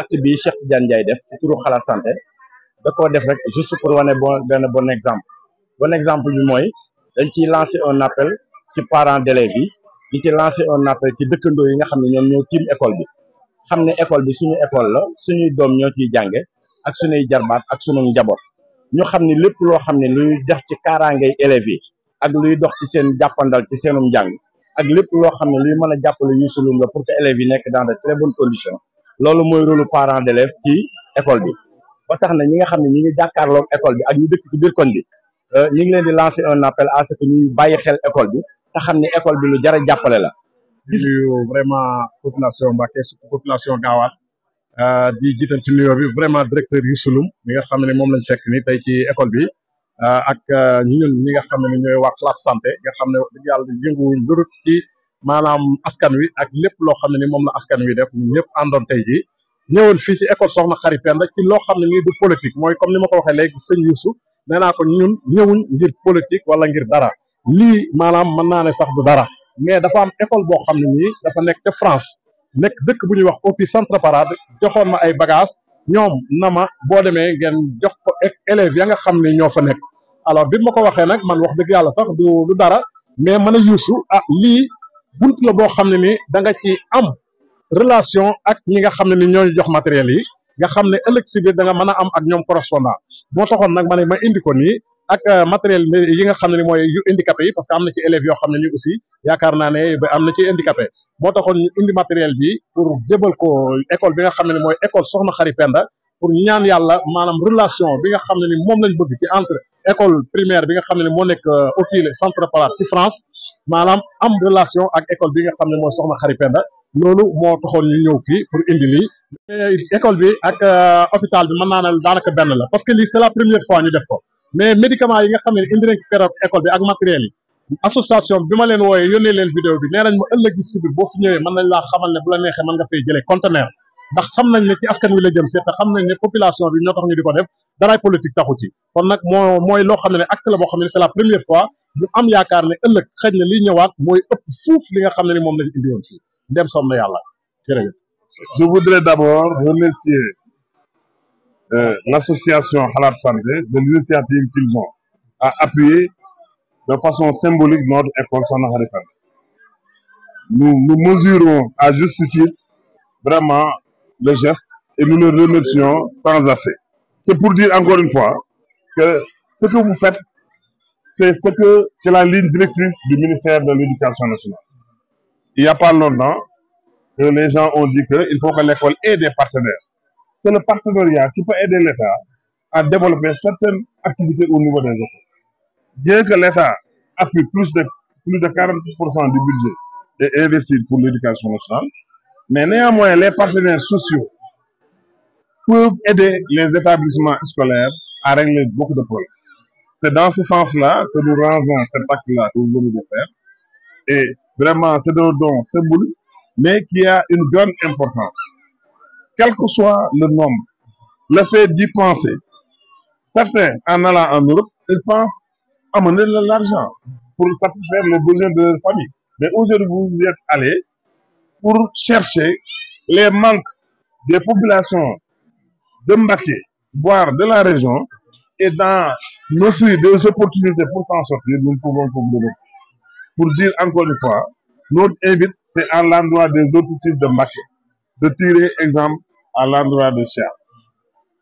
acte bi Cheikh Tidiane Ndiaye def ci turu xalaat santé da koo def rek juste pour wane bon benn bon exemple bon exemple bi mooy dañ ciy lancer un appel ci parent d'élèves yi di ci lancé un appel ci dëkkandoo yi nga xam ne ñoom ñoo tiim école bi xam ne école bi suñu école la suñuy doom ñoo ciy jànge ak suñuy jarbaat ak suñu njaboot ñu xam ne lépp loo xam ne luy def ci kaaraangay élèves yi ak luy dox ci seen jàppandal ci seenum jàng ak lépp loo xam ne luy mën a jàppale yusulum la pour yi nekk dans loolu mooy rôle parent d'élève ci école bi ba tax na ñi nga xam ne ñi ngi jàkkaarloog école bi ak ñu dëkk ci biir koñ bi euh, ñi ngi leen di lancer un appel à que ñuy bàyyi xel école bi te xam ne école bi lu jar a jàppale la. nuyu vraiment population Mbacké surtout population Gaawaat euh, di jiital ci bi vraiment directeur Youssou Loum mi nga xam ne moom lañ fekk ni tey ci école bi euh, ak ñun ñi nga xam ne ñooy waa classe santé nga xam ne dëgg yàlla yëngu wuñ ci. maanaam askan wi ak lépp loo xam ne ni moom la askan wi def ñun ñëpp àndoon tey jii ñëwoon fii ci école soxna Xari Penda ci loo xam ne nii du politique mooy comme ni ma ko waxee léegi sëñ Youssou wala ngir dara lii maanaam mën naa ne sax du dara mais dafa am école boo xam ne nii dafa nekk te nekk dëkk bu ñuy wax Opi Centre Parade joxoon ma ay bagages ñoom na ma boo demee ngeen jox ko ak e-, ya nga xam ne ñoo fa nekk alors bi ma ko waxee nag man wax dëgg yàlla sax ah lii bunt la boo xam ne ni da nga ci am relation ak ñi nga xam ne ni ñooñu jox matériel yi nga xam ne ëllëg si biir da nga mën a am ak ñoom correspondant moo taxoon nag ma ne ma indi ko nii ak euh, matériel yi nga xam ne ni mooy yu handicapé yi parce que am na ci élèves yoo xam ne ni aussi yaakaar na ne am na ci handicapé moo taxoon ñu indi matériel bi pour jëbal ko école bi nga xam ne ni mooy école soxna xari penda pour ñaan yàlla maanaam relation bi nga xam ne ni moom lañ bëgg ci entre école primaire bi nga xam ne ni moo nekk Okiile euh, centre Palaat ci France maanaam am relation ak école bi nga xam ne mooy Soxna Xari Penda loolu moo taxoon ñu ñëw fii pour indi lii euh, école bi ak euh, hôpital bi mën naa ne daanaka benn la parce que lii c'est la première fois ñu def ko mais médicament yi nga xam ne indi nañ ko école bi ak matériel yi association bi ma leen wooyee ndax xam nañ ne ci askan wi la jëm si te xam nañ ne population bi ñoo tax ñu di ko def daraay politique taxu ci kon nag moo mooy loo xam ne acte la boo xam ne c'est la première fois ñu am yaakaar ne ëllëg xëy na liy ñëwaat mooy ëpp fuuf li nga xam ne ni moom lañ indiwoon fii ndem soom na yàlla jërëjëf je voudrais d'abord remercier euh, l'association Xalaat Santé de l'initiative qu'ils ont à appuyer de façon symbolique notre école Soxna Xari Fall nous nous mesurons le geste et nous le remercions sans assez. C'est pour dire encore une fois que ce que la ligne directrice du ministère de l'Éducation nationale. Il a pas longtemps que les gens ont dit qu'il faut que l'école des partenaires. C'est le partenariat qui peut aider l'État à développer certaines activités au niveau des investir pour Mais néanmoins, les partenaires sociaux peuvent aider les établissements scolaires à régler beaucoup de problèmes. C'est dans ce sens-là que nous rendons cet acte-là que nous venons de faire. Et vraiment, c'est un symbolique, mais qui a une grande importance. Quel que soit le nombre, le fait d'y penser, certains, en allant en Europe, ils pensent amener l'argent pour satisfaire les besoins de leur famille. Mais aujourd'hui, vous êtes allés, pour chercher les manques des populations de Mbacké, voire de la région, et dans l'offrir des opportunités pour s'en sortir, nous pouvons comprendre. Pour dire encore une fois, notre invite, c'est à l'endroit des autres fils de Mbacké, de tirer exemple à l'endroit de Cher,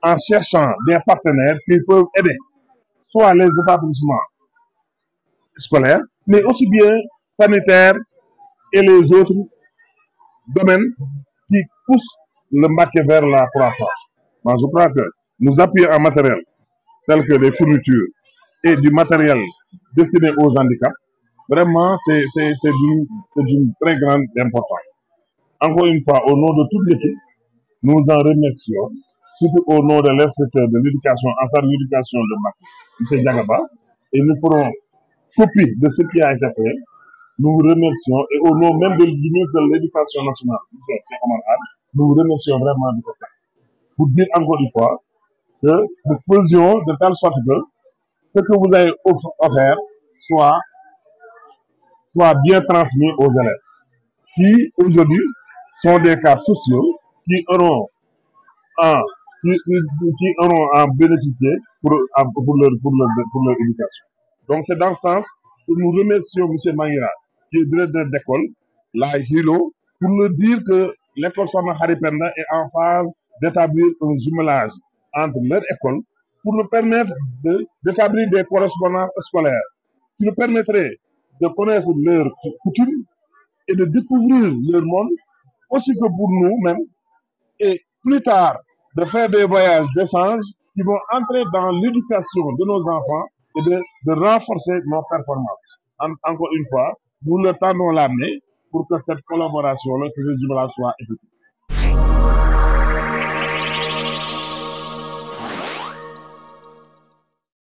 en cherchant des partenaires qui peuvent aider, soit les établissements scolaires, mais aussi bien sanitaires et les autres domaines qui poussent le marché vers la croissance. Moi, je crois que nous appuyer en matériel tel que les fournitures et du matériel destiné aux handicaps, vraiment, c'est d'une très grande importance. Encore une fois, au nom de toute l'équipe, nous en remercions, surtout au nom de l'inspecteur de l'éducation, en salle d'éducation de Marc, M. Diagaba, et nous ferons copie de ce qui a été fait Nous vous remercions et au nom même de l'Éducation nationale, nous vous remercions vraiment de cette Pour dire encore une fois que nous faisions de telle sorte que ce que vous avez offert soit, bien transmis aux élèves qui aujourd'hui sont des cas sociaux qui auront un bénéficier pour, pour, leur, pour, éducation. Donc c'est dans ce sens que nous remercions M. Mangira qui est directeur d'école, la Hilo, pour leur dire que l'école Sohna Hari Penda est en phase d'établir un jumelage entre leur école pour leur permettre d'établir des correspondances scolaires qui leur permettraient de connaître leurs coutumes et de découvrir leur monde, aussi que pour nous-mêmes, et plus tard de faire des voyages d'échange qui vont entrer dans l'éducation de nos enfants et de, renforcer nos performances. En, encore une fois, nous le tendons la main pour que cette collaboration-là, que ce dimanche soit effective.